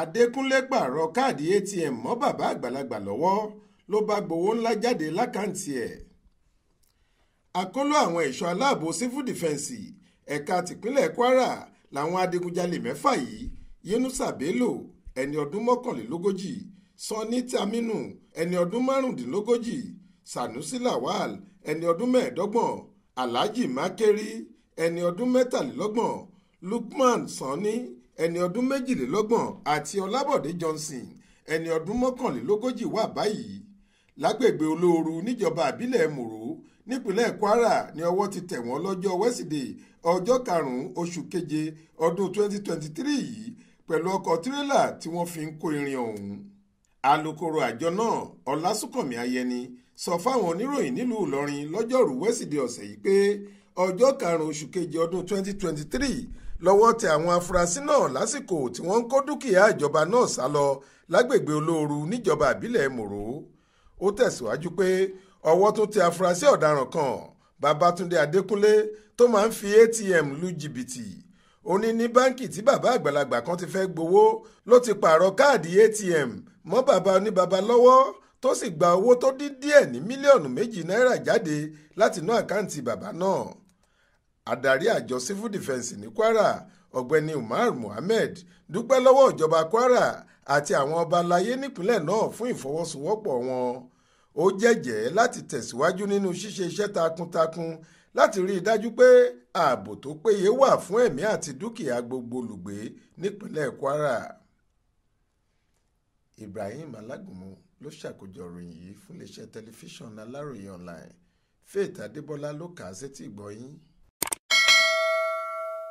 adékúnlé pààrọ̀ káàdì atm mọ́ bàbá àgbàlagbà lọ́wọ́ ló bá gbowó ńlá jáde lákàǹtì ẹ̀ àkóló àwọn ẹ̀ṣọ́ aláàbò sífù dìfẹ̀ǹsì ẹ̀ka tìpínlẹ̀ kwara làwọn adigunjalè mẹ́fà yìí yínúsà bello ẹni ọdún mọ́kànlélógójì sanni taminu ẹni ọdún márùndínlógójì sanusi lawal ẹni ọdún mẹ́ẹ̀ẹ́dọ́gbọ̀n alhaji makeri ẹni ọdún mẹ́tàlélọ́gbọ̀n lukman sanni ẹni ọdún méjìlélọ́gbọ̀n àti ọlábọ̀dé johnson ẹni ọdún mọ́kànlélógójì wà báyìí lágbègbè olóoru níjọba àbílẹ̀ mòró nípínlẹ̀ kwara ni ọwọ́ ti tẹ̀ wọ́n lọ́jọ́ wẹ́sídẹ̀ẹ́ ọjọ́ karùn-ún oṣù keje ọdún 2023 yìí pẹ̀lú ọkọ̀ tirẹ́là tí wọ́n fi ń kó irin ọ̀hún alukoro àjọ náà ọlásùnkànmí ayẹni sọ fáwọn oníròyìn nílùú ìlọrin lọ́jọ́rùú wẹ́sídẹ̀ẹ́ ọ̀sẹ̀ yìí pé ọjọ́ karùn-ún oṣù keje ọdún 2023 lọ́wọ́ tẹ àwọn afurasí náà lásìkò tí wọ́n ń kó dúkìá ìjọba náà sá lọ lágbègbè olóoru níjọba ìbílẹ̀ mòró ó tẹ̀síwájú pé ọwọ́ tó tẹ afurasí ọ̀daràn kan babatunde adékúnlé tó máa ń fi atm lu jìbìtì ó ní ní báǹkì tí bàbá àgbàlagbà kan ti fẹ́ gbowó ló ti pààrọ̀ káàdì atm mọ́ bàbá oníbàbá lọ́wọ́ tó sì gba owó tó dín díẹ̀ ní mílíọ̀nù méjì náírà jáde látinú àkáǹtì bàbá náà adarí àjọ civil defence ní kwara ọ̀gbẹ́ni umar mohammed dúpẹ́ lọ́wọ́ ìjọba kwara àti àwọn ọba aláyé nípínlẹ̀ náà fún ìfọwọ́sowọ́pọ̀ wọn ó jẹ́jẹ́ láti tẹ̀síwájú nínú ṣíṣe iṣẹ́ takuntakun láti rí i dájú pé ààbò tó péye wà fún ẹ̀mí àti dúkìá gbogbo olùgbé nípínlẹ̀ kwara ibrahim alágúnmu ló ṣàkójọ ìròyìn yìí fún iléeṣẹ́ tẹlifíṣàn aláròye online faith adébọlá ló kà á sétí ìgbọ́